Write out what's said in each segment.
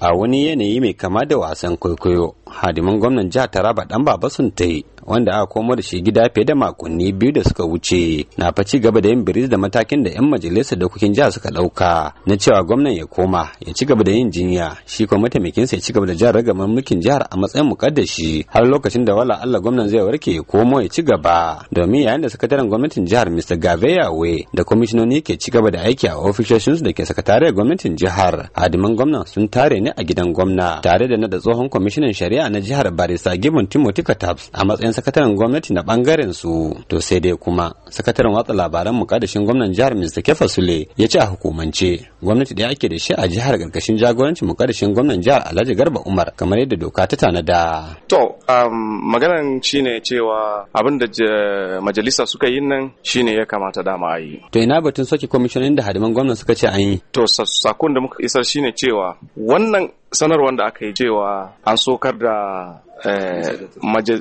a wani yanayi mai kama da wasan kwaikwayo hadiman gwamnan jihar taraba dan baba sun tai wanda aka komo da shi gida fiye da makonni biyu da suka wuce na fa ci gaba da yin biris da matakin da yan majalisa da dokokin jihar suka dauka na cewa gwamnan ya koma ya ci gaba da yin jinya shi kuma mataimakin sa ya ci gaba da jihar ragaman mulkin jihar a matsayin mukaddashi har lokacin da wala Allah gwamnan zai warke ya komo ya ci gaba domin yayin da sakataren gwamnatin jihar Mr. we da kwamishinoni ke ci gaba da aiki a ofishoshin da ke sakatare gwamnatin jihar hadiman gwamnan sun tare ne a gidan gwamna tare da na da tsohon kwamishinan shari'a shari'a na jihar Barisa Gibbon Timothy Katabs a matsayin sakataren gwamnati na bangaren su. To sai dai kuma sakataren watsa labaran mukaddashin gwamnan jihar Mr. Kefa Sule ya ce a hukumance gwamnati da ake da shi a jihar karkashin jagorancin mukaddashin gwamnan jihar Alhaji Garba Umar kamar yadda doka ta tanada. To um, maganan shine cewa abin da majalisa suka yi nan shine ya kamata dama a yi. To ina batun soke kwamishinan da hadiman gwamnan suka ce an yi. To sakon da muka isar shine cewa wannan sanarwar da aka yi cewa an sokar da eh,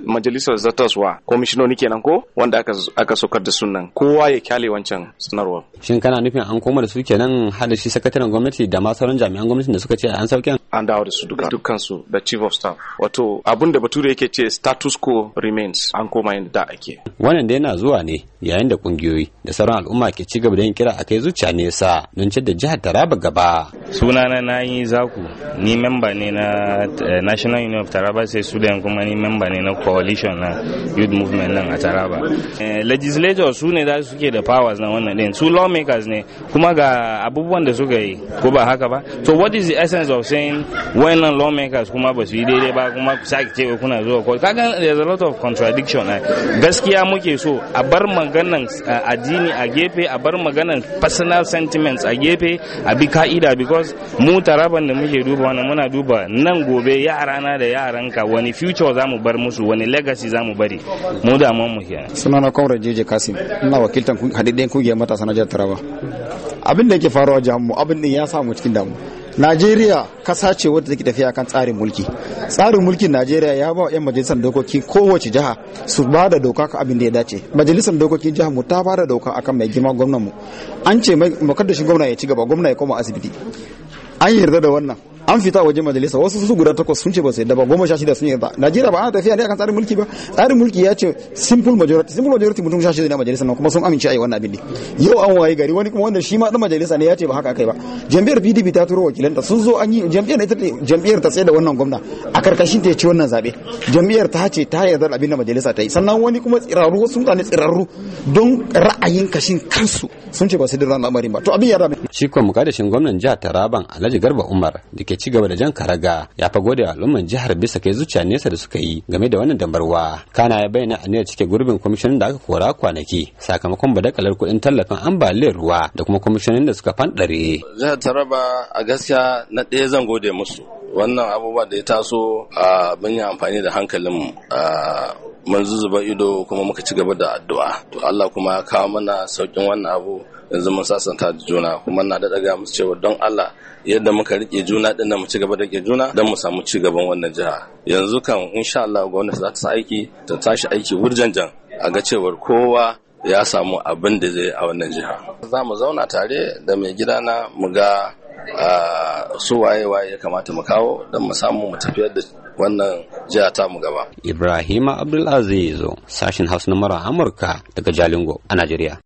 majalisar zartaswa komishinoni kenan ko wanda aka sokar da sunan kowa ya kyale wancan sanarwar shin kana nufin an koma da su kenan hada shi sakataren gwamnati da ma sauran jami'an gwamnati da suka ce an sauke an dawo da su dukkan su da chief of staff wato abun da bature yake ce status quo remains an koma yadda da ake wannan da yana zuwa ne yayin da kungiyoyi da sauran al'umma ke ci gaba da yin kira a kai zuciya nesa don da jihar taraba gaba suna na yi zaku ni memba ne na eh, national union of taraba sai student kuma ni memba ne na coalition na youth movement nan a taraba eh, legislators su ne za su ke da powers na wannan din su lawmakers ne kuma ga abubuwan da suka yi ko ba haka ba so what is the essence of saying wayannan lawmakers kuma ba su yi daidai ba kuma sake ce kuna zuwa court kaga there's a lot of contradiction eh. gaskiya muke so a bar maganan addini a gefe a bar maganan personal sentiments a gefe a bi ka'ida because because mu taraban da muke duba wannan muna duba nan gobe yara na da ka wani future za mu bar musu wani legacy za mu bari mu da mu kenan na kwamrar jeje kasim ina wakiltan hadidden kungiyar matasa na jihar taraba abin da yake faruwa jihar mu abin din ya samu cikin damu Najeriya kasa ce wadda take tafiya kan tsarin mulki. Tsarin mulkin Najeriya ya ba 'yan majalisar dokoki kowace jiha su ba da doka ka abin da ya dace. Majalisar dokokin jiha mu ta ba da doka akan mai girma gwamnan mu. An ce mai makaddashin gwamna ya ci gaba gwamna ya koma asibiti. An yarda da wannan. an fita waje majalisa wasu su guda takwas sun ce ba su yadda ba goma sha shida sun yadda najeriya ba ana tafiya ne akan tsarin mulki ba tsarin mulki ya ce simple majority simple majority mutum sha shida ne majalisa nan kuma sun amince a yi wannan abin ne yau an waye gari wani kuma wanda shi ma dan majalisa ne ya ce ba haka kai ba jam'iyyar pdp ta turo wakilanta sun zo an yi jam'iyyar ita jam'iyyar ta tsaye da wannan gwamna a karkashin ta ya ci wannan zabe jam'iyyar ta ce ta yarda abin da majalisa ta yi sannan wani kuma tsirarru wasu mutane tsirarru don ra'ayin kashin kansu sun ce ba su da ran lamarin ba to abin ya rabe shi kuma mukaddashin gwamnan jihar Taraban Alhaji Garba Umar ke ci gaba da jan karaga ya fa gode al'umman jihar bisa kai zuciya nesa da suka yi game da wannan dambarwa kana ya bayyana ne cike gurbin kwamishinan da aka kora kwanaki sakamakon badakalar kuɗin tallafin ambaliyar ruwa da kuma kwamishinan da suka fanɗare. jihar taraba a gaskiya na ɗaya zan gode musu wannan abubuwa da ya taso mun yi amfani da hankalin mun zuzuba ido kuma muka ci gaba da addu'a to Allah kuma ya kawo mana saukin wannan abu yanzu mun sasanta da juna kuma na da daga musu cewa don Allah yadda muka rike juna din mu ci gaba da rike juna don mu samu ci gaban wannan jiha yanzu kan insha Allah gwamnati za ta sa aiki ta tashi aiki wurjanjan a ga cewar kowa ya samu abin da zai a wannan jiha za mu zauna tare da mai gidana mu ga Ah, su waye waye ya kamata mu kawo don mu samu mu tafiyar da wannan jiya ta mu gaba. Ibrahima Abdulaziz sashen Hausa na Amurka daga Jalingo a Najeriya.